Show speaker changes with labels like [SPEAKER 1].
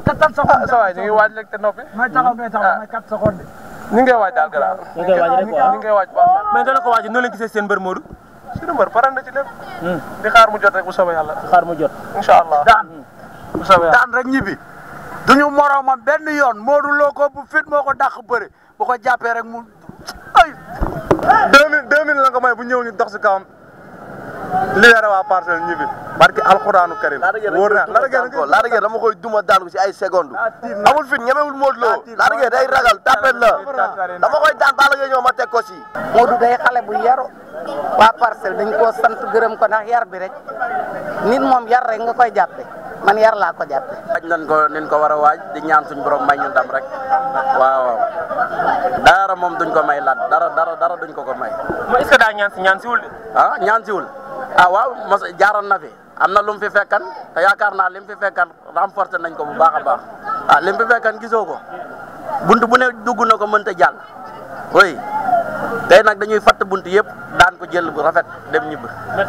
[SPEAKER 1] quatre secondes. sa waay ñu waaj koy waaj daal gannaaw. ñu ngi koy waaj rek waaw ko waaj noonu la gisee seen mbër Modou. suñu mbër ci lépp. di xaar mu jot rek bu soobee yàlla. di xaar mu jot. incha allah daan. bu soobee yàlla daan rek ñibbi.
[SPEAKER 2] duñu moroomam benn yoon Modou Lo ko bu fit moo ko dàq bëri bu ko jàppee rek mu ay. deux mille deux mille may bu ñëw ñu dox si
[SPEAKER 3] libéré waa parcelle ñibbi barki alxuraanu karim wóor na Lac de Guiers dama koy duma daan ko ci ay seconde amul fit ñemewul Modou Lo Lac de Guiers day ragal tapet la dama koy daan Balla
[SPEAKER 4] Gaye ma teg ko ci Modou day xale bu yaru waa parcelle dañ koo sant gërëm ko ndax yar bi rek nit moom yar rek nga koy jàppe man yar laa ko jàppe
[SPEAKER 5] waaj nañ ko nin ko war a waaj di ñaan suñ borom may ñu ndam rek waaw waaw dara moom duñ ko may laat dara dara dara duñ ko ko may est-ce que ñaan si ah waaw mos jaaroon na fi am na lu mu fi fekkan te yaakaar naa lim mu fi fekkan renforcer nañ ko bu baax a baax ah li mu fi fekkan gisoo ko bunt bu ne dugg na ko mënta jàll oui tey nag dañuy fatt bunt yëpp daan ko jël bu rafet dem ñibb